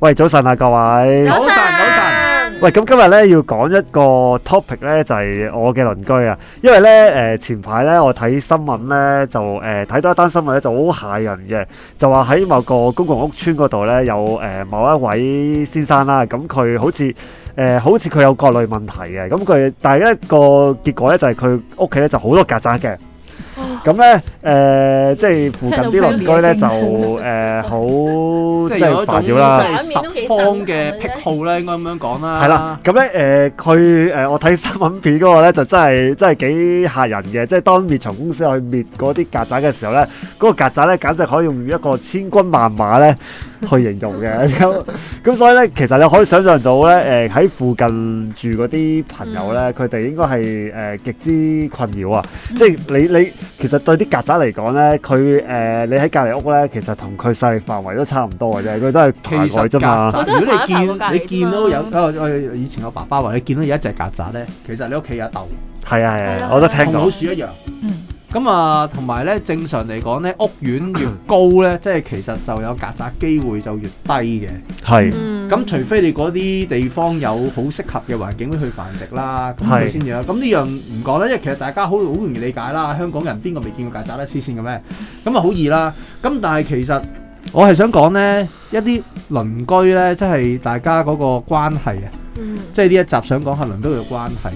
喂，早晨啊，各位！早晨，早晨。喂，咁今日咧要講一個 topic 咧，就係、是、我嘅鄰居啊。因為咧，誒、呃，前排咧我睇新聞咧，就誒睇、呃、到一單新聞咧就好嚇人嘅，就話喺某個公共屋邨嗰度咧有誒、呃、某一位先生啦、啊，咁佢好似誒、呃、好似佢有各類問題嘅，咁佢但係一、那個結果咧就係佢屋企咧就好多曱甴嘅。咁咧，誒、呃，即係附近啲鄰居咧，就誒、呃、 好，即係煩擾啦。即係十方嘅癖好咧，應該咁樣講啦。係啦、嗯，咁咧，誒、呃，佢誒、呃，我睇新聞片嗰個咧，就真係真係幾嚇人嘅。即係當滅蟲公司去滅嗰啲曱甴嘅時候咧，嗰、那個曱甴咧，簡直可以用一個千軍萬馬咧，去形容嘅咁，咁所以咧，其實你可以想象到咧，誒喺附近住嗰啲朋友咧，佢哋應該係誒極之困擾啊！即係你你其實對啲曱甴嚟講咧，佢誒你喺隔籬屋咧，其實同佢勢力範圍都差唔多嘅啫，佢都係爬過去啫嘛。如果你見你見到有誒誒，以前我爸爸話你見到有一隻曱甴咧，其實你屋企有竇。係啊係啊，我都聽到。同老鼠一樣。咁啊，同埋咧，正常嚟講咧，屋苑越高咧，即係其實就有曱甴機會就越低嘅。係。咁除非你嗰啲地方有好適合嘅環境去繁殖啦，咁先至啦。咁呢樣唔講啦，因為其實大家好好容易理解啦。香港人邊個未見過曱甴咧？黐線嘅咩？咁啊好易啦。咁但係其實我係想講咧，一啲鄰居咧，即係大家嗰個關係啊，即係呢一集想講下鄰居嘅關係。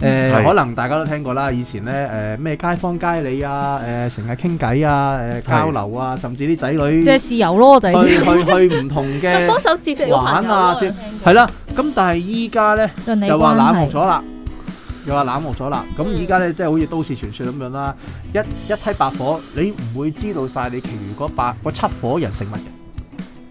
誒，嗯、可能大家都聽過啦，以前咧誒咩街坊街里啊，誒成日傾偈啊，誒、呃、交流啊，甚至啲仔女即借豉油咯，去去去唔同嘅 手接玩啊，係啦 接，咁但係依家咧就話冷落咗啦，又話冷落咗啦，咁依家咧即係好似都市傳說咁樣啦，一一,一梯八伙，你唔會知道晒你其餘嗰八個七伙人係乜人。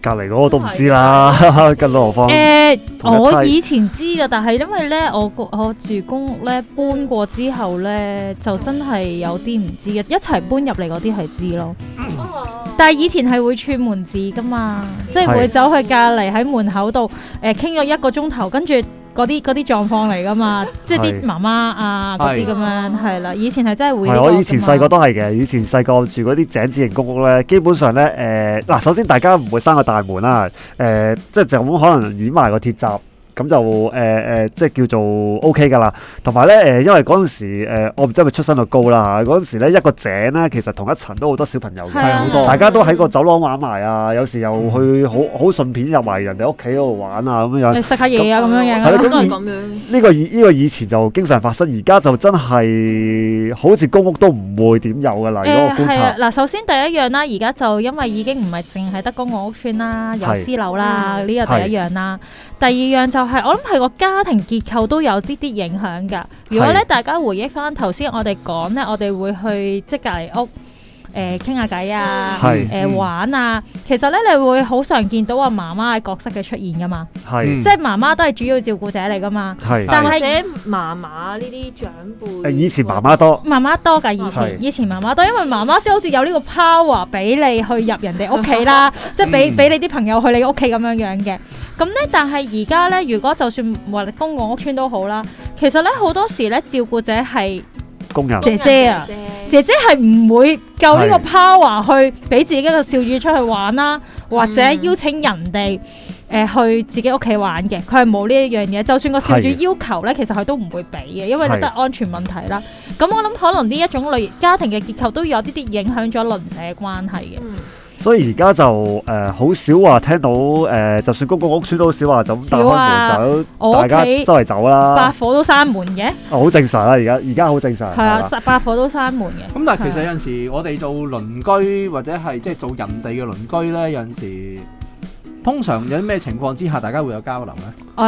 隔離嗰個都唔知啦，嗯、 更何況。誒、欸，我以前知㗎，但係因為咧，我我住公屋咧，搬過之後咧，就真係有啲唔知嘅。一齊搬入嚟嗰啲係知咯。嗯、但係以前係會串門子噶嘛，即係會走去隔離喺門口度誒傾咗一個鐘頭，跟住。嗰啲嗰啲狀況嚟㗎嘛，即係啲媽媽啊嗰啲咁樣係啦，以前係真係會呢啲。我以前細個都係嘅，以前細個住嗰啲井字型公屋咧，基本上咧誒嗱，首先大家唔會閂個大門啦，誒、呃、即係就咁可能掩埋個鐵閘。咁就誒誒、呃呃，即係叫做 O K 噶啦。同埋咧誒，因為嗰陣時、呃、我唔知係咪出生率高啦、啊。嗰陣時咧一個井咧，其實同一層都好多小朋友嘅，好多、啊、大家都喺個走廊玩埋啊。嗯、有時又去好好順便入埋人哋屋企嗰度玩啊咁樣。食下嘢啊咁樣嘅、啊，咁樣呢、呢個呢、呢個以前就經常發生，而家就真係好似公屋都唔會點有噶啦。誒嗱、欸啊，首先第一樣啦，而家就因為已經唔係淨係得公屋公屋村啦，有私樓啦，呢個不第一樣啦。第二樣就。係，我諗係個家庭結構都有啲啲影響噶。如果咧，大家回憶翻頭先，我哋講咧，我哋會去即係隔籬屋誒傾下偈啊，誒、嗯呃、玩啊。其實咧，你會好常見到阿媽媽嘅角色嘅出現噶嘛？係是，即係媽媽都係主要照顧者嚟噶嘛？係是。但係媽媽呢啲長輩？以前媽媽多，媽媽多噶。以前，以前媽媽多，因為媽媽先好似有呢個 power 俾你去入人哋屋企啦， 嗯、即係俾俾你啲朋友去你屋企咁樣樣嘅。咁咧，但係而家咧，如果就算話，公共屋邨都好啦，其實咧好多時咧，照顧者係工，人、啊、工人姐姐啊，姐姐係唔會夠呢個 power 去俾自己一個少主出去玩啦、啊，是或者邀請人哋誒、呃、去自己屋企玩嘅，佢係冇呢一樣嘢。就算個少主要求咧，是其實佢都唔會俾嘅，因為咧得安全問題啦。咁是我諗可能呢一種類家庭嘅結構都有啲啲影響咗鄰舍關係嘅。嗯所以而家就誒好、呃、少話聽到誒、呃，就算公共屋邨都少話就打開門走，啊、大家周圍走啦。八火都閂門嘅，啊好正常啦，而家而家好正常。係啊，八火都閂門嘅。咁但係其實有陣時，我哋做鄰居或者係即係做人哋嘅鄰居咧，有陣時。通常有啲咩情況之下，大家會有交流咧？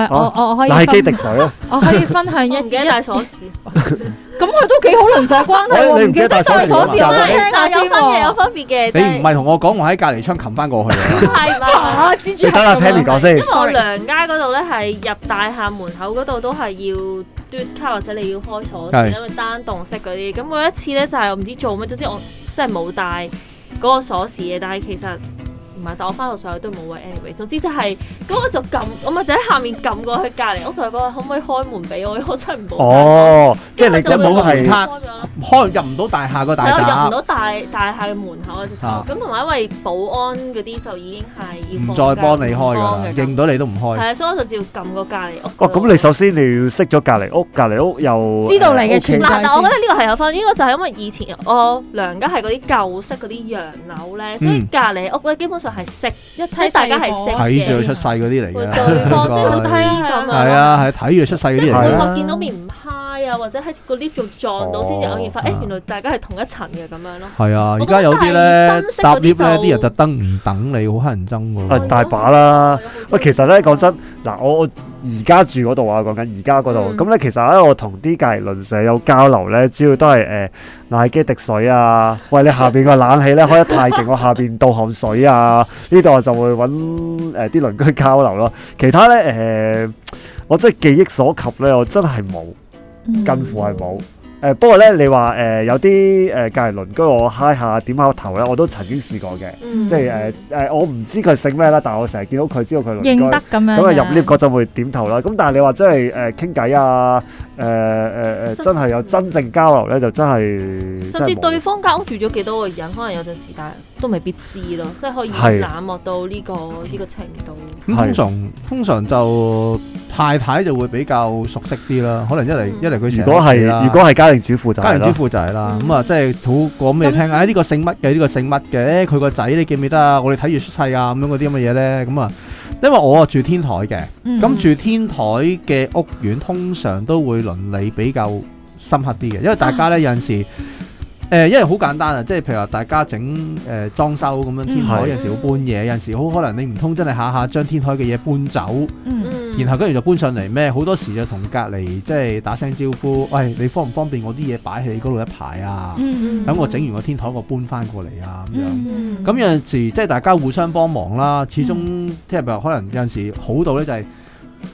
我我可以拉機滴水咯。我可以分享一唔記得帶鎖匙，咁佢都幾好鄰舍關係。你唔記得帶鎖匙？我聽唔到有分別，有分別嘅。你唔係同我講我喺隔離窗擒翻過去啊？係嘛？你等下聽唔見先，因為我良街嗰度咧，係入大廈門口嗰度都係要嘟卡或者你要開鎖匙，因為單棟式嗰啲。咁嗰一次咧，就係唔知做咩，總之我真係冇帶嗰個鎖匙嘅。但係其實。唔係，但係我翻到上去都冇位。Anyway，總之就係，咁我就撳，我咪就喺下面撳過去隔離屋，就係講可唔可以開門俾我？我真係冇。哦，即係你你冇個門卡，開入唔到大廈個大。係啊，入唔到大大廈嘅門口啊。嚇！咁同埋因為保安嗰啲就已經係唔再幫你開㗎啦，認到你都唔開。係啊，所以我就照撳個隔離屋。哇！咁你首先你要識咗隔離屋，隔離屋又知道你嘅全碼。但係我覺得呢個係有分，呢個就係因為以前我娘家係嗰啲舊式嗰啲洋樓咧，所以隔離屋咧基本上。係識一睇，大家係識睇住佢出世嗰啲嚟嘅，係 是啊，係睇住佢出世嗰啲嚟。我見到面唔黑。或者喺個 lift 仲撞到先，偶然發誒，原來大家係同一層嘅咁樣咯。係啊，而家有啲咧搭 lift 咧，啲人特登唔等你好，乞人憎喎。大把啦喂，其實咧講真嗱，我我而家住嗰度啊，講緊而家嗰度咁咧。其實咧我同啲隔離鄰舍有交流咧，主要都係誒，嗱、呃，機滴水啊，喂，你下邊個冷氣咧開得太勁，我 下邊倒汗水啊。呢度就會揾啲鄰居交流咯。其他咧誒、呃，我真係記憶所及咧，我真係冇。近乎係冇，誒、呃、不過咧，你話誒、呃、有啲誒、呃、隔離鄰居，我嗨下點下個頭咧，我都曾經試過嘅。嗯、即係誒誒我唔知佢姓咩啦，但係我成日見到佢，知道佢鄰居咁啊，入 lift 嗰陣會點頭啦，咁但係你話即係誒傾偈啊？誒誒誒，呃呃、真係正有真正交流咧，就真係甚至對方間屋住咗幾多個人，可能有陣時但都未必知咯，是即係可以冷漠到呢、這個呢是個程度。咁、嗯、通常通常就太太就會比較熟悉啲啦，可能一嚟、嗯、一嚟佢如果係如果係家庭主婦就家庭主婦就係啦，咁啊，即係好講咩聽啊？呢個姓乜嘅？呢、這個姓乜嘅？佢個仔你記唔記得啊？我哋睇住出世啊，咁樣嗰啲咁嘅嘢咧，咁啊。因為我啊住天台嘅，咁、嗯、哼住天台嘅屋苑通常都會倫理比較深刻啲嘅，因為大家呢，有時，誒、啊呃，因為好簡單啊，即係譬如話大家整誒、呃、裝修咁樣，天台有時會搬嘢，嗯、哼有時好可能你唔通真係下下將天台嘅嘢搬走。嗯然後跟住就搬上嚟咩？好多時就同隔離即係打聲招呼。喂，你方唔方便我啲嘢擺喺你嗰度一排啊？等、嗯嗯嗯嗯、我整完個天台，我搬翻過嚟啊咁樣。咁有陣時即係大家互相幫忙啦。始終即係譬如可能有陣時好到咧就係、是、誒。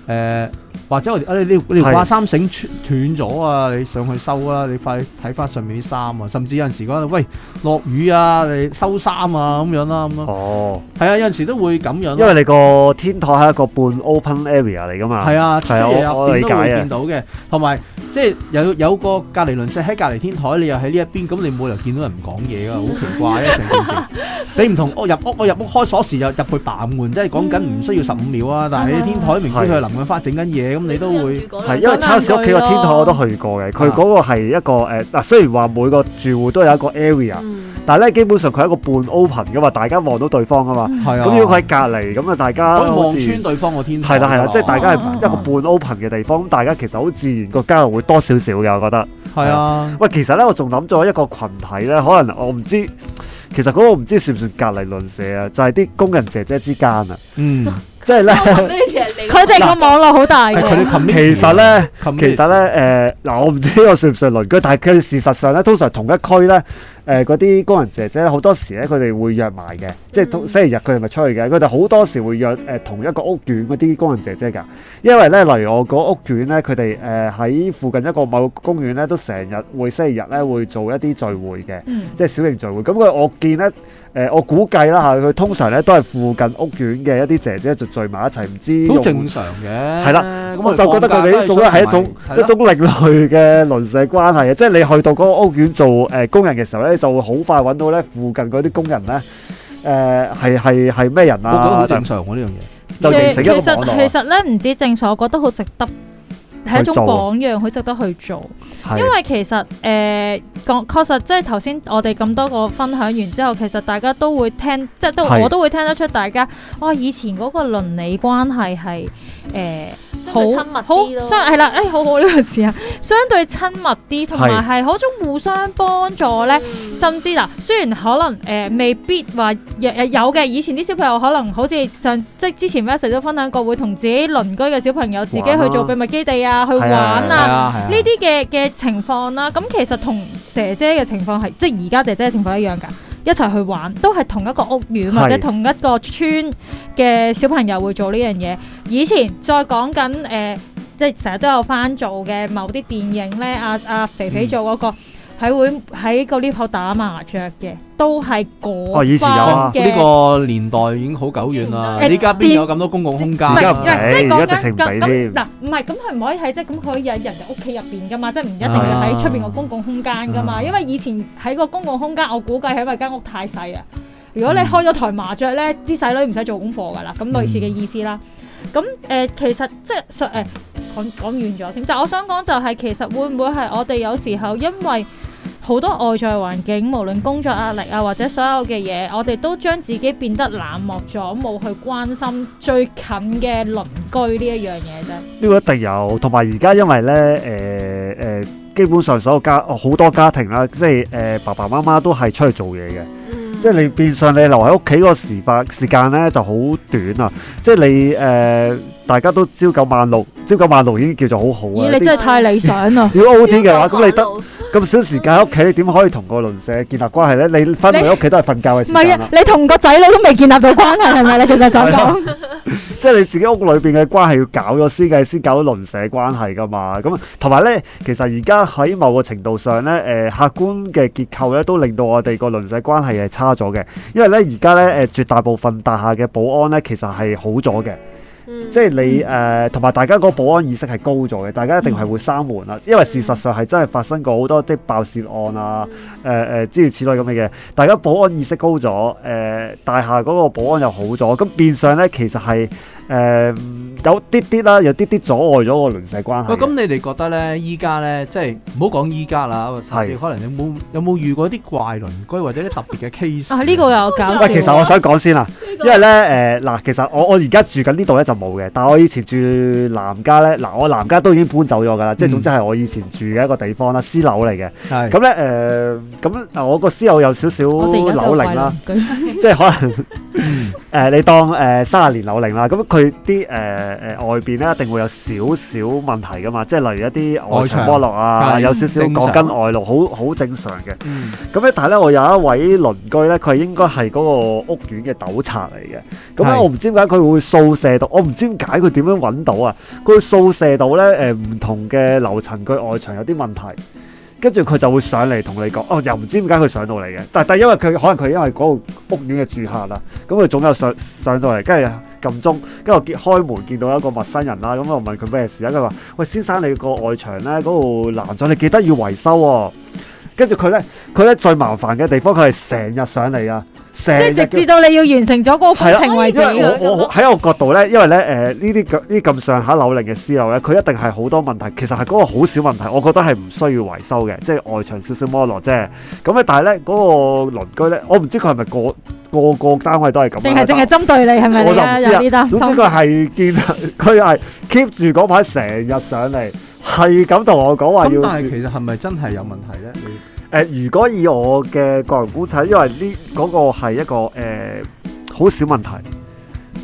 呃或者我哋啊，你你呢條掛衫繩斷斷咗啊！你上去收啦，你快睇翻上面啲衫啊！甚至有陣時講，喂，落雨啊，你收衫啊咁樣啦咁樣。哦，係啊，有陣時都會咁樣。因為你個天台係一個半 open area 嚟噶嘛。係啊，係啊，我理解，都會見到嘅。同埋即係有有個隔離鄰舍喺隔離天台，你又喺呢一邊，咁你冇理由見到人唔講嘢噶，好奇怪啊！成件事。你唔同屋入屋，我入屋開鎖匙又入去，嘭門，即係講緊唔需要十五秒啊！但係你天台明知佢喺淋緊花整緊嘢。咁你都會係，因為差少屋企個天台我都去過嘅。佢嗰個係一個誒嗱，雖然話每個住戶都有一個 area，但係咧基本上佢係一個半 open 嘅嘛，大家望到對方啊嘛。係啊，咁如果佢喺隔離咁啊，大家望穿對方個天台。係啦係啦，即係大家係一個半 open 嘅地方，咁大家其實好自然個交流會多少少嘅，我覺得。係啊，喂，其實咧我仲諗咗一個群體咧，可能我唔知，其實嗰個唔知算唔算隔離鄰舍啊？就係啲工人姐姐之間啊。嗯，即係咧。佢哋個網絡好大嘅，其實呢，其實呢，誒、呃、嗱，我唔知我算唔算鄰居，但係佢事實上呢，通常同一區呢，誒嗰啲工人姐姐好多時呢，佢哋會約埋嘅，即係星期日佢哋咪出去嘅，佢哋好多時會約誒、呃、同一個屋苑嗰啲工人姐姐㗎，因為呢，例如我個屋苑呢，佢哋誒喺附近一個某公園呢，都成日會星期日呢會做一啲聚會嘅，嗯、即係小型聚會。咁佢我見呢。誒，我估計啦嚇，佢通常咧都係附近屋苑嘅一啲姐姐就聚埋一齊，唔知好正常嘅。係啦，咁我就覺得佢哋做咧係一種一種另類嘅鄰舍關係啊！即係你去到嗰個屋苑做誒工人嘅時候咧，就會好快揾到咧附近嗰啲工人咧，誒係係係咩人啊？我覺得好正常喎呢樣嘢，就形成一個網絡。其實其實咧，唔止正常我覺得好值得。係一種榜樣，好值得去做。因為其實誒講、呃、確實，即係頭先我哋咁多個分享完之後，其實大家都會聽，即係都我都會聽得出大家，哇、啊！以前嗰個倫理關係係誒。呃好，好，相係啦，誒，好好呢個、這個、事啊，相對親密啲，同埋係嗰種互相幫助呢。是甚至嗱，雖然可能誒、呃、未必話有嘅，以前啲小朋友可能好似上即係之前咧，成日都分享過，會同自己鄰居嘅小朋友自己去做秘密基地啊，玩啊去玩啊，呢啲嘅嘅情況啦、啊，咁其實同姐姐嘅情況係即係而家姐姐嘅情況一樣噶，一齊去玩，都係同一個屋苑或者同一個村嘅小朋友會做呢樣嘢。以前再講緊誒，即係成日都有翻做嘅某啲電影咧。阿、啊、阿、啊、肥肥做嗰、那個喺、嗯、會喺個 lift 口打麻雀嘅，都係嗰方嘅呢個年代已經好久遠啦。誒、嗯，依家邊有咁多公共空間？即係、嗯嗯、講緊咁嗱，唔係咁佢唔可以喺即咁佢有人喺屋企入邊噶嘛，即係唔一定係喺出邊個公共空間噶嘛。嗯啊啊啊、因為以前喺個公共空間，我估計係因為間屋太細啊。如果你開咗台麻雀咧，啲細女唔使做功課噶啦。咁類似嘅意思啦。嗯嗯咁誒、嗯，其實即係誒講講完咗添，但係我想講就係、是、其實會唔會係我哋有時候因為好多外在環境，無論工作壓力啊或者所有嘅嘢，我哋都將自己變得冷漠咗，冇去關心最近嘅鄰居呢一樣嘢啫。呢個一定有，同埋而家因為咧誒誒，基本上所有家好多家庭啦，即係誒、呃、爸爸媽媽都係出去做嘢嘅。即係你變相你留喺屋企嗰個時間咧就好短啊！即係你誒，大家都朝九晚六，朝九晚六已經叫做好好嘅。你真係太理想啦！要 OT 嘅話，咁你得咁少時間喺屋企，你點可以同個鄰舍建立關係咧？你翻到嚟屋企都係瞓覺嘅時間啦。你同個仔女都未建立到關係，係咪？你其實想講？ 即係你自己屋裏邊嘅關係要搞咗先至，先搞到鄰舍關係㗎嘛。咁同埋呢，其實而家喺某個程度上呢，誒、呃，客觀嘅結構呢都令到我哋個鄰舍關係係差咗嘅。因為呢而家呢誒，絕大部分大廈嘅保安呢其實係好咗嘅。嗯、即係你誒，同、呃、埋大家嗰個保安意識係高咗嘅，大家一定係會閂門啦。因為事實上係真係發生過好多即係爆竊案啊，誒、呃、誒，諸如此類咁嘅嘢。大家保安意識高咗，誒、呃，大廈嗰個保安又好咗，咁變相咧其實係誒、呃、有啲啲啦，有啲啲阻礙咗個鄰舍關係。咁、嗯嗯、你哋覺得咧，依家咧即係唔好講依家啦，甚至可能你有冇有冇遇過啲怪鄰居或者啲特別嘅 case 啊？呢、這個有搞喂、嗯，其實我想講先啊。因為咧，誒嗱，其實我我而家住緊呢度咧就冇嘅，但係我以前住南家咧，嗱我南家都已經搬走咗㗎啦，即係總之係我以前住嘅一個地方啦，私樓嚟嘅。咁咧，誒，咁我個私樓有少少樓齡啦，即係可能誒，你當誒三十年樓齡啦。咁佢啲誒誒外邊咧一定會有少少問題㗎嘛，即係例如一啲外牆剝落啊，有少少鋼筋外露，好好正常嘅。咁咧，但係咧，我有一位鄰居咧，佢係應該係嗰個屋苑嘅斗殘嚟嘅，咁啊、嗯，是我唔知點解佢會掃射到，我唔知點解佢點樣揾到啊，佢會掃射到咧，誒、呃，唔同嘅樓層佢外牆有啲問題，跟住佢就會上嚟同你講，哦，又唔知點解佢上到嚟嘅，但但因為佢可能佢因為嗰度屋苑嘅住客啦，咁佢總有上上到嚟，跟住撳鐘，跟住開門見到一個陌生人啦，咁我問佢咩事啊，佢話，喂，先生你個外牆咧嗰度爛咗，你記得要維修喎，哦。跟住佢咧，佢咧最麻煩嘅地方，佢係成日上嚟啊！即係直至到你要完成咗嗰個工程的、哎、為止。我喺這樣 我，我角度咧，因為咧誒呢啲咁呢咁上下樓齡嘅私樓咧，佢一定係好多問題，其實係嗰個好少問題，我覺得係唔需要維修嘅，即係外牆少少摩羅啫。咁啊，但係咧嗰個鄰居咧，我唔知佢係咪個個個單位都係咁定係淨係針對你係咪啊？係咪呢我就唔知，知。總之佢係見佢係 keep 住嗰排成日上嚟。係咁同我講話要，但係其實係咪真係有問題咧？誒、呃，如果以我嘅個人估測，因為呢嗰、嗰個係一個誒好少問題，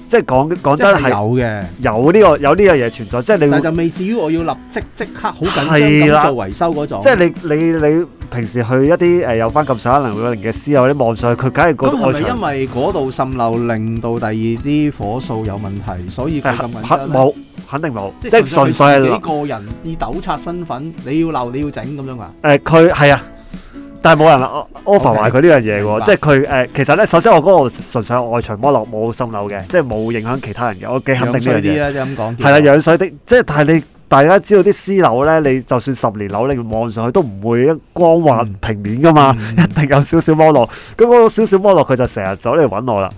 即係講講真係有嘅、呢個，有呢個有呢樣嘢存在，即係你會，但就未至於我要立即立即刻好緊張做維修嗰種，即係你你你。你你你平時去一啲誒有翻咁上下能力嘅師友咧，望上去佢梗係覺得個外牆。咁係咪因為嗰度滲漏令到第二啲火數有問題，所以佢滲緊？冇，肯定冇，即係純粹係你個人以抖擦身份，你要漏你要整咁樣噶？誒，佢係啊，但係冇人話 offer 埋佢呢樣嘢喎。即係佢誒，其實咧，首先我嗰度純粹外牆剝落冇滲漏嘅，即係冇影響其他人嘅，我幾肯定呢樣嘢。水啲啦，咁講。係啦，樣衰啲，即係但係你。大家知道啲私樓呢，你就算十年樓，你望上去都唔會光滑平面噶嘛，一定有少少剝落。咁嗰少少剝落，佢就成日走嚟揾我啦。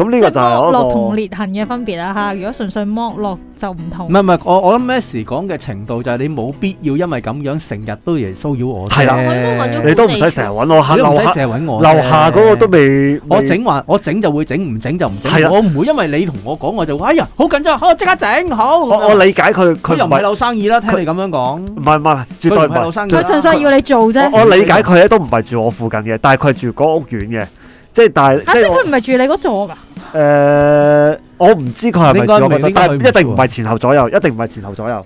咁呢個就係一個剝落同裂痕嘅分別啊！嚇，如果純粹剝落就唔同。唔係唔係，我我諗咩時講嘅程度就係你冇必要因為咁樣成日都嚟騷擾我。係啦，你都唔使成日揾我嚇，樓下嗰個都未。我整還我整就會整，唔整就唔整。係啦，我唔會因為你同我講我就話哎呀，好緊張，我即刻整好。我我理解佢，佢又唔係攞生意啦，聽你咁樣講。唔係唔係，絕對唔係攞生意，佢純粹要你做啫。我理解佢都唔係住我附近嘅，但係佢住嗰個屋苑嘅。即係，但係我，即係佢唔係住你嗰座噶。誒、呃，我唔知佢係咪住、那個，住但係一定唔係前後左右，一定唔係前後左右。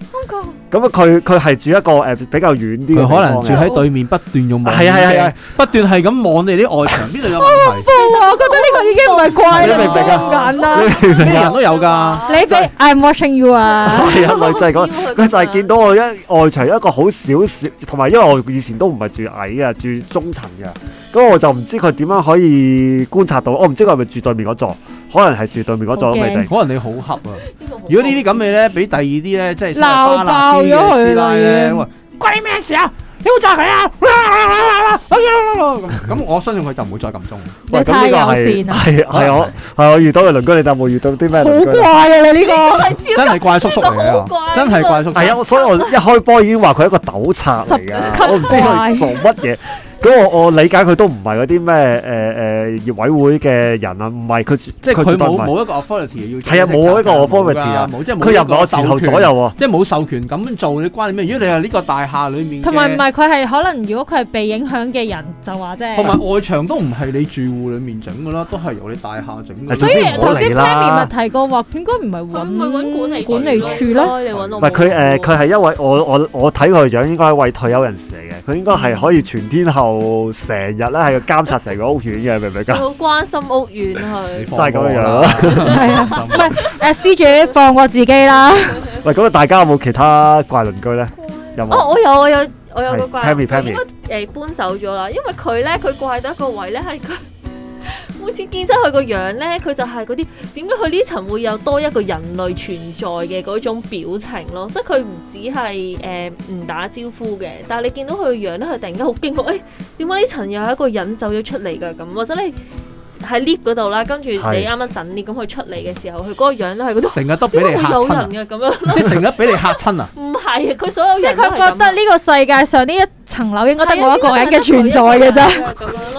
咁佢佢係住一個誒比較遠啲，佢可能住喺對面，哦、不斷用望。係啊係啊，不斷係咁望你啲外牆，邊度 有問題？ 我覺得呢個已經唔係怪啦，你明唔明啊，咁簡單，咩人都有噶。你哋，I'm watching you 啊。係啊，佢就係咁，佢就係見到我一外牆一個好少少，同埋因為我以前都唔係住矮嘅，住中層嘅，咁我就唔知佢點樣可以觀察到。我唔知佢係咪住對面嗰座，可能係住對面嗰座都未定。可能你好恰啊。如果呢啲咁嘅咧，俾第二啲咧，即係鬧爆咗佢。關你咩事啊？你要炸佢啊！咁我相信佢就唔會再咁中。喂，咁呢個係！係，係我係我遇到嘅鄰居，你但係冇遇到啲咩好怪啊！你呢個真係怪叔叔嚟啊！真係怪叔叔！係啊，所以我一開波已經話佢係一個鬥賊嚟噶，我唔知佢做乜嘢。咁我我理解佢都唔係嗰啲咩誒誒業委會嘅人啊，唔係佢即係佢冇冇一個 authority 要係啊，冇一個 authority 啊，即係冇授權左右啊，即係冇授權咁做，你關你咩？如果你係呢個大廈裡面，同埋唔係佢係可能如果佢係被影響嘅人，就話即係同埋外牆都唔係你住戶裡面整噶啦，都係由你大廈整，所以頭先 Penny 咪提過話，應該唔係揾管理管理處啦，唔係佢誒，佢係因為我我我睇佢樣應該係為退休人士嚟嘅，佢應該係可以全天候。成日咧，係要監察成個屋苑嘅，明唔明？佢好關心屋苑，佢真係咁樣樣。係啊，唔係誒，師姐放過自己啦。喂，咁啊，大家有冇其他怪鄰居咧？有冇？哦，我有，我有，我有個怪鄰居，誒，搬走咗啦。因為佢咧，佢怪到一個位咧，係佢。每次見到佢個樣呢，佢就係嗰啲點解佢呢層會有多一個人類存在嘅嗰種表情咯，即係佢唔止係誒唔打招呼嘅，但係你見到佢個樣呢，佢突然間好驚覺，誒，點解呢層又係一個人走咗出嚟噶？咁，或者你。喺 lift 嗰度啦，跟住你啱啱等你咁佢出嚟嘅時候，佢嗰個樣都係嗰啲，成日都俾人嚇親嘅咁樣。即係成日都俾你嚇親啊？唔係，佢 所有即係佢覺得呢個世界上呢一層樓應該得我一個人嘅存在嘅啫。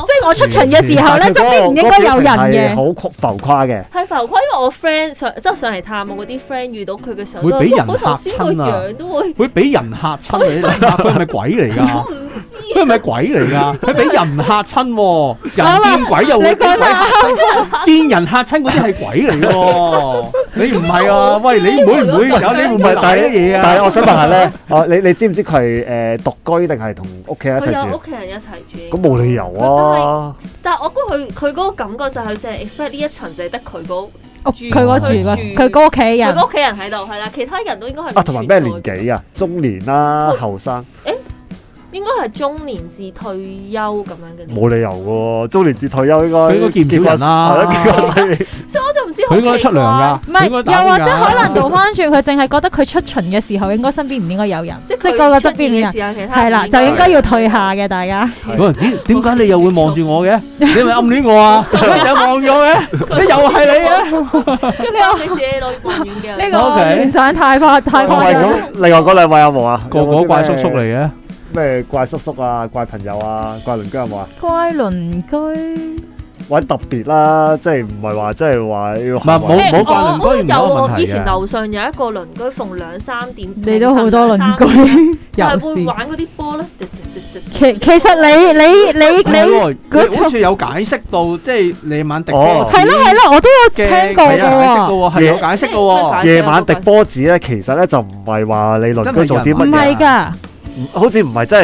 即係我出場嘅時候咧，真係唔應該有人嘅。好浮誇嘅。係浮誇，因為我 friend 上即係上嚟探我嗰啲 friend 遇到佢嘅時候，會俾人嚇親啊！樣都會。會俾人嚇親你，係咪、啊、鬼嚟、啊、㗎？ 啊佢咪鬼嚟噶？佢俾人嚇親，人見鬼又會見鬼嚇親，見人嚇親嗰啲係鬼嚟喎。你唔係啊？喂，你會唔會？你唔係，但係乜嘢啊？但係我想問下咧，我你你知唔知佢係誒獨居定係同屋企人一齊住？係啊，屋企人一齊住。咁冇理由啊！但係我估佢佢嗰個感覺就係，就係 expect 呢一層就係得佢個住，佢個住，佢個屋企人，佢個屋企人喺度係啦。其他人都應該係啊，同埋咩年紀啊？中年啦，後生。應該係中年至退休咁樣嘅，冇理由嘅喎，中年至退休應該應該見唔少人啦，所以我就唔知佢應該出糧㗎，唔係又或者可能倒翻轉佢，淨係覺得佢出巡嘅時候應該身邊唔應該有人，即係嗰個側邊嘅人，係啦，就應該要退下嘅大家。喂，點解你又會望住我嘅？你咪暗戀我啊？有望咗嘅，咩又係你嘅？呢個幻想太快太快，另外嗰兩位阿毛啊？個個怪叔叔嚟嘅。咩怪叔叔啊？怪朋友啊？怪鄰居係嘛？怪鄰居，玩特別啦，即係唔係話，即係話要唔好唔好怪鄰居？有啊，以前樓上有一個鄰居，逢兩三點，你都好多鄰居，又係會玩嗰啲波咧。其其實你你你你，佢好似有解釋到，即係夜晚滴波。係啦係啦，我都有聽過嘅。解釋嘅喎，係有解釋嘅喎。夜晚滴波子咧，其實咧就唔係話你鄰居做啲乜嘢。唔係㗎。好似唔係真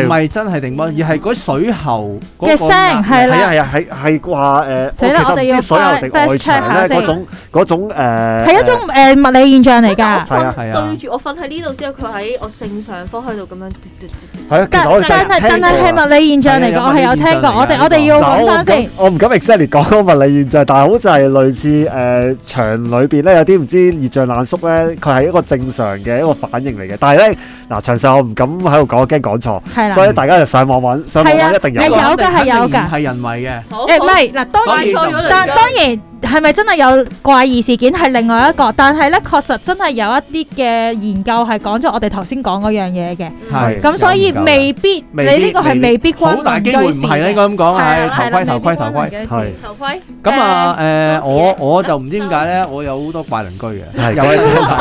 係，唔係真係定乜，而係嗰水喉嗰個，係啊，係啊，係係話誒，其實啲水喉定外牆咧，嗰種嗰種，誒係一種誒物理現象嚟㗎。我瞓對住我瞓喺呢度之後，佢喺我正上方喺度咁樣嘟嘟嘟。係啊，但係但係係物理現象嚟講，我係有聽過。我哋我哋要講翻先。我唔敢 exactly 講嗰物理現象，但係好似係類似誒場裏邊咧有啲唔知熱脹冷縮咧，佢係一個正常嘅一個反應嚟嘅。但係咧嗱，長壽我唔。咁喺度講，驚講錯，的所以大家就上網揾，的上網揾一定有，一、嗯、的定係有嘅，係人為嘅。誒唔係，嗱、欸、當然，但以當然。係咪真係有怪異事件？係另外一個，但係咧確實真係有一啲嘅研究係講咗我哋頭先講嗰樣嘢嘅。係咁所以未必，你呢個係未必關頭盔事。好大機會唔係應該咁講。頭盔頭盔頭盔，係頭盔。咁啊，誒，我我就唔知點解咧，我有好多怪鄰居嘅。係，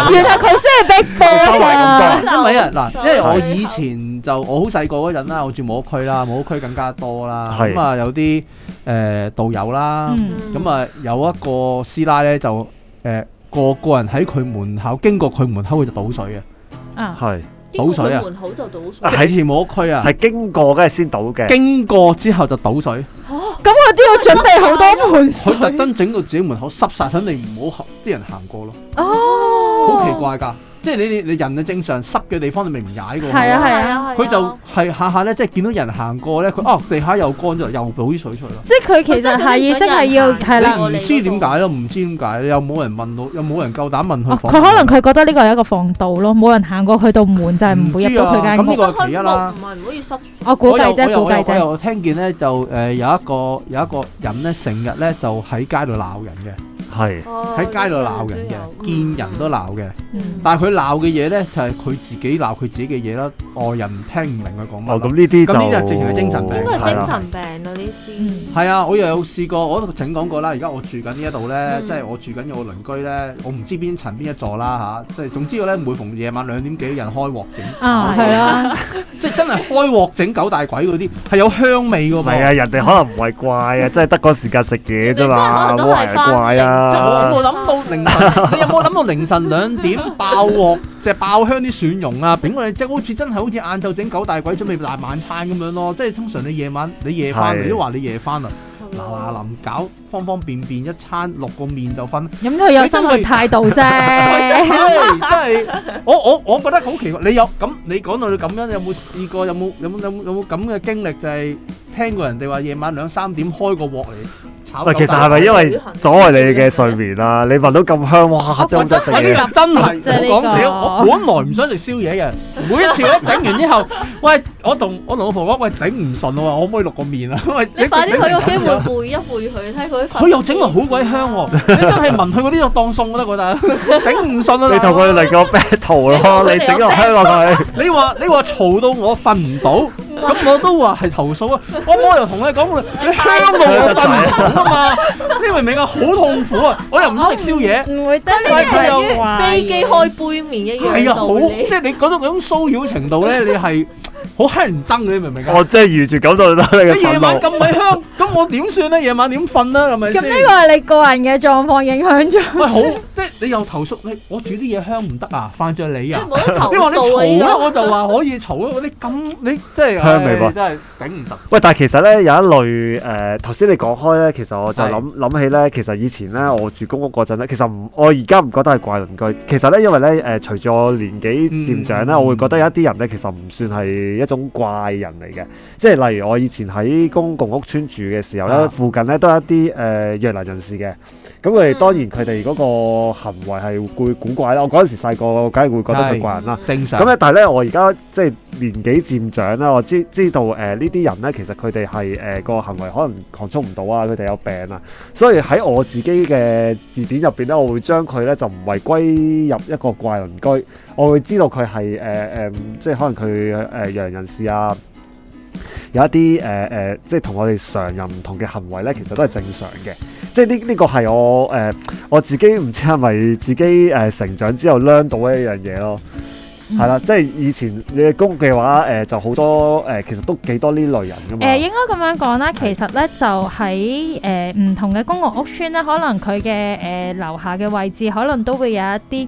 原來佢先係敵對啊！收埋咁多，因為啊，嗱，因為我以前就我好細個嗰陣啦，我住冇屋區啦，冇屋區更加多啦。係咁啊，有啲。誒導遊啦，咁啊、嗯、有一個師奶咧就誒、呃、個個人喺佢門口經過佢門口佢就倒水嘅。啊係倒水啊喺、啊、前冇區啊，係經過梗係先倒嘅，經過之後就倒水，嚇咁佢都要準備好多盆水，佢特登整到自己門口濕晒，肯定唔好啲人行過咯，哦，好奇怪㗎。即係你你人啊，正常，濕嘅地方你咪唔踩嘅喎。係啊係啊，佢就係下下咧，即係見到人行過咧，佢哦地下又乾咗，又倒啲水出嚟咯。即係佢其實係，真係要係啦。你唔知點解咯？唔知點解？又冇人問我，又冇人夠膽問佢。佢可能佢覺得呢個係一個防盜咯，冇人行過去到門就係唔會入到佢間屋。咁呢個係其一啦。唔係唔可以濕。我估計啫，估計啫。我聽見咧就誒有一個有一個人咧成日咧就喺街度鬧人嘅。係喺街度鬧人嘅，見人都鬧嘅，但係佢鬧嘅嘢，咧就係佢自己鬧佢自己嘅嘢啦，外人聽唔明佢講乜。咁呢啲就應該係精神病咯，呢啲係啊，我又有試過，我都曾講過啦。而家我住緊呢一度咧，即係我住緊有個鄰居咧，我唔知邊層邊一座啦吓，即係總之咧，每逢夜晚兩點幾人開鑊整，係啊，即係真係開鑊整九大簋嗰啲，係有香味噶。係啊，人哋可能唔係怪啊，真係得嗰個時間食嘢啫嘛，哇，怪啊！即係我冇諗到凌晨，你有冇諗到凌晨兩點爆鑊，即係爆香啲蒜蓉啊，整嗰隻，好似真係好似晏晝整九大簋準備大晚餐咁樣咯。即係通常你夜晚，你夜翻嚟都話你夜翻啊，嗱嗱臨搞方方便便一餐落個麵就分，咁都係有生活態度啫。即係我我我覺得好奇怪，你有咁你講到你咁樣，有冇試過有冇有冇有冇有冇咁嘅經歷，就係聽過人哋話夜晚兩三點開個鑊嚟？喂，其實係咪因為阻礙你嘅睡眠啊？你聞到咁香，哇！真係唔 講笑。我本來唔想食宵夜嘅。每一次咧，整完之後，喂，我同我同老婆講，喂，頂唔順啊！我可唔可以落個麵啊？喂你，你快啲俾個機會背、啊、一背佢，睇佢。佢又整到好鬼香喎、啊！ 你真係聞佢嗰啲就當餸啦，我覺得。頂唔順啊！你同佢嚟個 battle 咯，你整個香落去，你話你話吵到我瞓唔到。咁哇我都話係投訴 啊！我我又同你講，你香到我瞓唔著啊嘛！你明唔明啊，好痛苦啊！我又唔想食宵夜，唔會得呢？佢又話，飛機開杯麪一樣，係啊，好即係你覺得嗰種騷擾程度咧，你係。 好乞人憎，你明唔明？我真係完全即係如住狗就得。咩夜晚咁鬼香？咁 我點算咧？夜晚點瞓咧？係咪咁呢個係你個人嘅狀況影響咗。喂，好，即係你又投訴你，我煮啲嘢香唔得啊？犯著你啊？你係 唔好投訴啊！嘈咧 我就話可以嘈咯，你咁你即係係咪？真係頂唔得。喂，但係其實咧有一類誒，頭、呃、先你講開咧，其實我就諗諗是起咧，其實以前咧我住公屋嗰陣咧，其實唔我而家唔覺得係怪鄰居。其實咧因為咧誒，隨、呃、住我年紀漸長咧，嗯嗯、我會覺得有一啲人咧，其實唔算係。一種怪人嚟嘅，即係例如我以前喺公共屋邨住嘅時候咧，啊、附近咧都一啲誒、呃、越南人士嘅，咁佢哋當然佢哋嗰個行為係會古怪啦。我嗰陣時細個，梗係會覺得佢怪人啦。正常。咁咧，但係咧，我而家即係年紀漸長啦，我知知道誒、呃、呢啲人咧，其實佢哋係誒個行為可能控制唔到啊，佢哋有病啊，所以喺我自己嘅字典入邊咧，我會將佢咧就唔係歸入一個怪鄰居。我會知道佢係誒誒，即係可能佢誒異人士啊，有一啲誒誒，即係同我哋常人唔同嘅行為咧，其實都係正常嘅。即係呢呢個係我誒、呃、我自己唔知係咪自己誒成長之後 learn 到一樣嘢咯。係啦、嗯，即係以前嘅公屋嘅話誒、呃，就好多誒、呃，其實都幾多呢類人噶嘛。誒、呃、應該咁樣講啦，其實咧就喺誒唔同嘅公共屋邨咧，可能佢嘅誒樓下嘅位置，可能都會有一啲誒。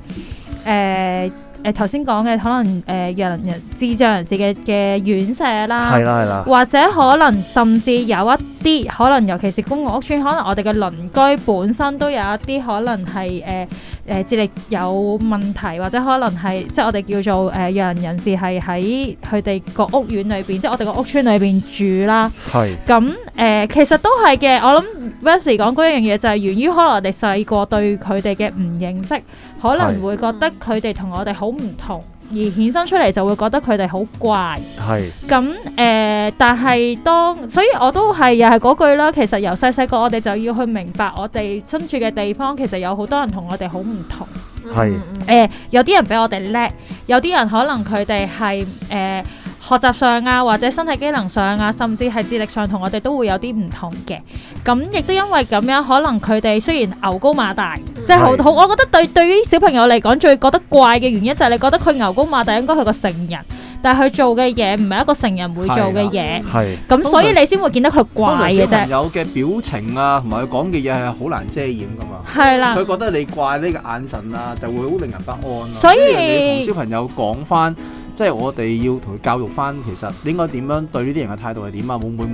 呃呃誒頭先講嘅可能誒人、呃、智障人士嘅嘅院舍啦，係啦，係啦，或者可能甚至有一啲可能，尤其是公共屋邨，可能我哋嘅鄰居本身都有一啲可能係誒。呃誒智、呃、力有問題，或者可能係即係我哋叫做誒弱能人士，係喺佢哋個屋苑裏邊，即係我哋個屋村裏邊住啦。係咁誒，其實都係嘅。我諗 Vincent 講嗰一樣嘢就係源於可能我哋細個對佢哋嘅唔認識，可能會覺得佢哋同我哋好唔同。是嗯而衍生出嚟就會覺得佢哋好怪。係是。咁誒、嗯呃，但係當，所以我都係又係嗰句啦。其實由細細個我哋就要去明白，我哋身處嘅地方其實有好多人同我哋好唔同。係是、嗯嗯呃。有啲人比我哋叻，有啲人可能佢哋係誒學習上啊，或者身體機能上啊，甚至係智力上同我哋都會有啲唔同嘅。咁亦都因為咁樣，可能佢哋雖然牛高馬大。即係好好，我覺得對對於小朋友嚟講，最覺得怪嘅原因就係你覺得佢牛高馬大應該係個成人，但係佢做嘅嘢唔係一個成人會做嘅嘢，咁所以你先會見到佢怪嘅啫。通常小朋友嘅表情啊，同埋佢講嘅嘢係好難遮掩㗎嘛。係啦，佢覺得你怪呢個眼神啊，就會好令人不安。所以，要同小朋友講翻。即係我哋要同佢教育翻，其實應該點樣對呢啲人嘅態度係點啊？會唔會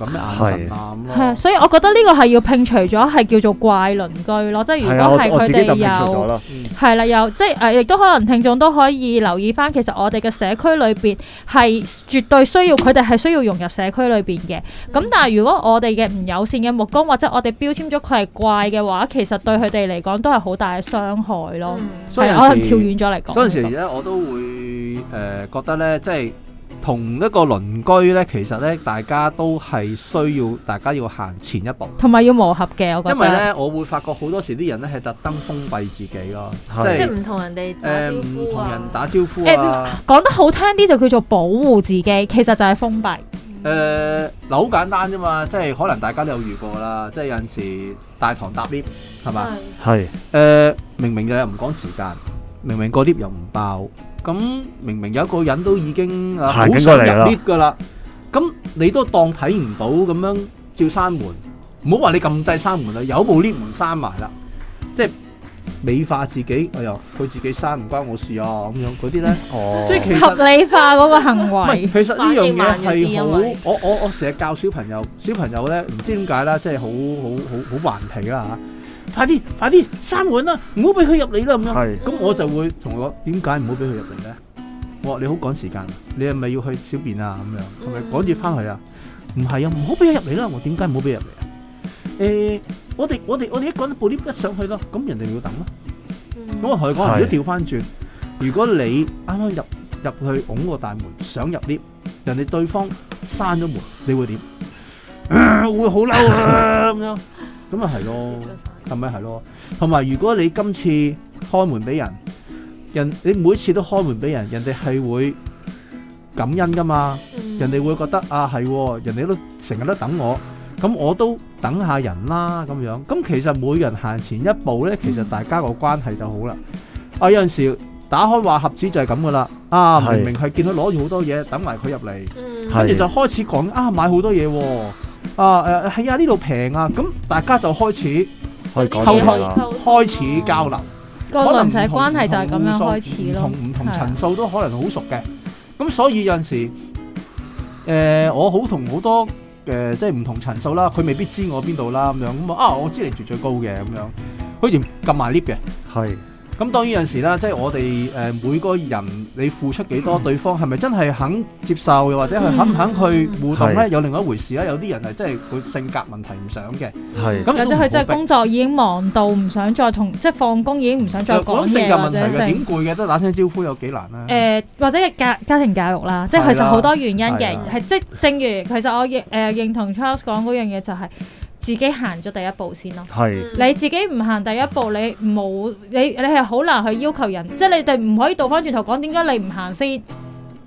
咁嘅眼神啊咁咯。係、啊，所以我覺得呢個係要摒除咗係叫做怪鄰居咯。即係如果係佢哋有係啦、啊，有即係誒、呃，亦都可能聽眾都可以留意翻。其實我哋嘅社區裏邊係絕對需要佢哋係需要融入社區裏邊嘅。咁但係如果我哋嘅唔友善嘅目光或者我哋標籤咗佢係怪嘅話，其實對佢哋嚟講都係好大嘅傷害咯。所以、嗯啊、可能跳遠咗嚟講。嗰陣時、嗯這個、我都會誒。呃誒，覺得咧，即係同一個鄰居咧，其實咧，大家都係需要，大家要行前一步，同埋要磨合嘅。我覺得，因為咧，我會發覺好多時啲人咧，係特登封閉自己咯，即係唔同人哋誒，唔同人打招呼啊，講得好聽啲就叫做保護自己，其實就係封閉。誒，嗱，好簡單啫嘛，即係可能大家都有遇過啦，即係有陣時大堂搭 lift 係嘛，係誒，明明又唔講時間，明明個 lift 又唔爆。咁、嗯、明明有一個人都已經啊好想入 lift 噶啦，咁、嗯、你都當睇唔到咁樣照閂門，唔好話你撳掣閂門啦，有部 lift 門閂埋啦，即係美化自己。哎呀，佢自己閂唔關我事啊，咁樣嗰啲咧，即係、哦、實合理化嗰個行為。唔係，其實呢樣嘢係好，我我我成日教小朋友，小朋友咧唔知點解啦，即係好好好好頑皮啊！快啲，快啲閂門啦！唔好俾佢入嚟啦咁樣。咁是我就會同我點解唔好俾佢入嚟咧？我話你好趕時間，你係咪要去小便啊？咁樣係咪趕住翻去啊？唔係、嗯嗯、啊，唔好俾佢入嚟啦！我點解唔好俾佢入嚟啊？誒、欸，我哋我哋我哋一趕得部 lift 一上去咯，咁人哋要等咯。咁、嗯嗯、我同佢講，如果調翻轉，如果你啱啱入入去拱個大門，想入 lift，人哋對方閂咗門，你會點？呃、會好嬲啊！咁樣咁啊係咯。咁咪係咯，同埋 esta pe w 如果你今次開門俾人，人你每次都開門俾人，人哋係會感恩噶嘛？人哋會覺得啊，係人哋都成日都等我，咁我都等下人啦咁樣。咁其實每人行前一步呢，其實大家個關係就好啦。啊，有陣時打開話盒子就係咁噶啦。啊，明明係見到攞住好多嘢等埋佢入嚟，跟住就開始講啊，買好多嘢喎。啊，誒係啊，呢度平啊，咁大家就開始。去溝通開始交流，可能就係關係就係咁樣開始咯。不同唔同層數都可能好熟嘅，咁的所以有陣時，誒、呃、我好、呃、同好多誒即係唔同層數啦，佢未必知我邊度啦咁樣，咁啊，我知你住最高嘅咁樣，佢就撳埋升降機。係。咁當然有時啦，即係我哋誒每個人你付出幾多，對方係咪真係肯接受，又或者佢肯唔肯去互動咧？有另外一回事啦。有啲人係真係佢性格問題唔想嘅，係。或者佢真係工作已經忙到唔想再同，即係放工已經唔想再講嘢或者。嗰性格問題嘅，點攰嘅都打聲招呼有幾難啦。誒，或者係家家庭教育啦，即係其實好多原因嘅，係，即係正如其實我認誒認同 Charles 講嗰樣嘢就係。自己行咗第一步先咯，係你自己唔行第一步，你冇你你係好難去要求人，即係你哋唔可以倒翻轉頭講點解你唔行先。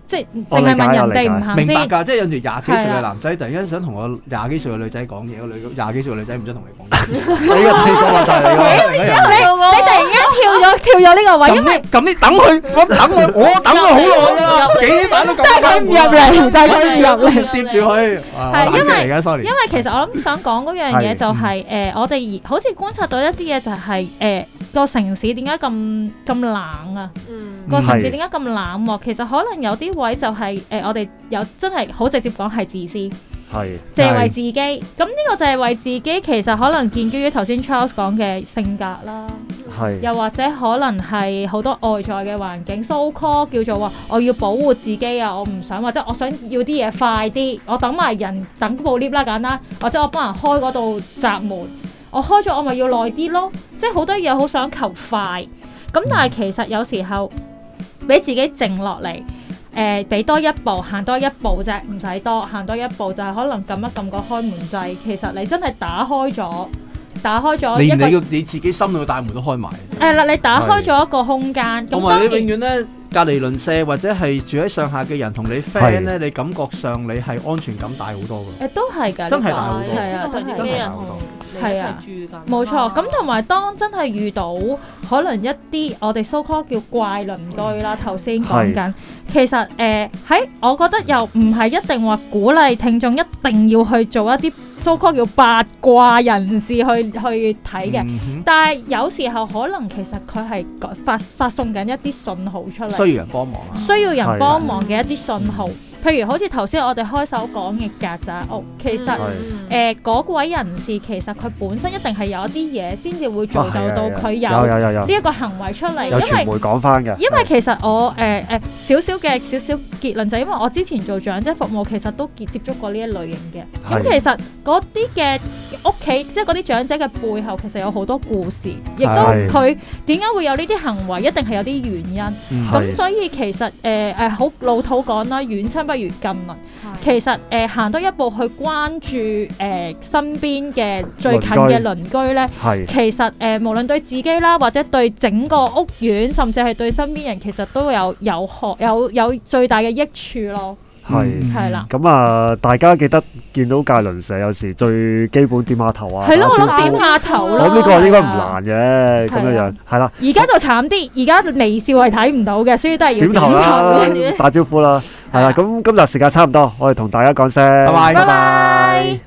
即係淨係問人哋唔行先，明白㗎。即係有住廿幾歲嘅男仔，突然間想同我廿幾歲嘅女仔講嘢，個女廿幾歲嘅女仔唔想同你講嘢。你個睇個問題，你你突然間跳咗跳咗呢個位，因為咁你等佢，我等佢，我等佢好耐啦。幾晚都咁。但係佢唔入嚟，但係佢唔入嚟攝住佢。係因為，因為其實我諗想講嗰樣嘢就係誒，我哋好似觀察到一啲嘢就係誒個城市點解咁咁冷啊？嗯，個城市點解咁冷？其實可能有啲。位就係、是、誒、呃，我哋有真係好直接講，係自私係，淨係是為自己咁呢是個就係為自己。其實可能建基於頭先 Charles 講嘅性格啦，係是又或者可能係好多外在嘅環境，so call 叫做話我要保護自己啊，我唔想或者我想要啲嘢快啲，我等埋人等部 lift 啦，簡單或者我幫人開嗰度閘門，我開咗我咪要耐啲咯，即係好多嘢好想求快咁，但係其實有時候俾自己靜落嚟。誒，俾多一步，行多一步啫，唔使多，行多一步就係可能撳一撳個開門掣。其實你真係打開咗，打開咗，連你個你自己心裏嘅大門都開埋。誒啦，你打開咗一個空間。咁你永遠咧隔離鄰舍或者係住喺上下嘅人同你 friend 咧，你感覺上你係安全感大好多㗎。誒，都係㗎，真係大好多。係啊，真係大好多。係啊，冇錯。咁同埋當真係遇到可能一啲我哋 so called 叫怪鄰居啦，頭先講緊，是其實誒喺、呃哎，我覺得又唔係一定話鼓勵聽眾一定要去做一啲 so called 叫八卦人士去去睇嘅。嗯、哼但係有時候可能其實佢係發發送緊一啲信號出嚟，需要人幫忙，啊，需要人幫忙嘅一啲信號。嗯譬如好似頭先我哋開首講嘅曱甴屋，其實誒嗰位人士其實佢本身一定係有一啲嘢先至會造就到佢有有有有呢一個行為出嚟。有傳媒講翻嘅。因為其實我誒誒少少嘅少少結論就係因為我之前做長者服務，其實都接觸過呢一類型嘅。咁其實嗰啲嘅屋企，即係嗰啲長者嘅背後其實有好多故事，亦都佢點解會有呢啲行為一定係有啲原因。咁所以其實誒誒好老土講啦，遠親不如今啊，其實誒行、呃、多一步去關注誒、呃、身邊嘅最近嘅鄰居咧，係其實誒、呃、無論對自己啦，或者對整個屋苑，甚至係對身邊人，其實都有有學有有最大嘅益處咯。係，係啦、嗯，咁啊、嗯，大家記得見到界輪社有時最基本點下頭啊，係咯，我諗點下頭咯，咁呢、嗯這個應該唔難嘅，咁嘅、啊、樣，係啦、啊。而家、啊、就慘啲，而家微笑係睇唔到嘅，所以都係要點頭啦、啊，打招呼啦，係啦、啊。咁今日時間差唔多，我哋同大家講聲，拜拜，拜拜。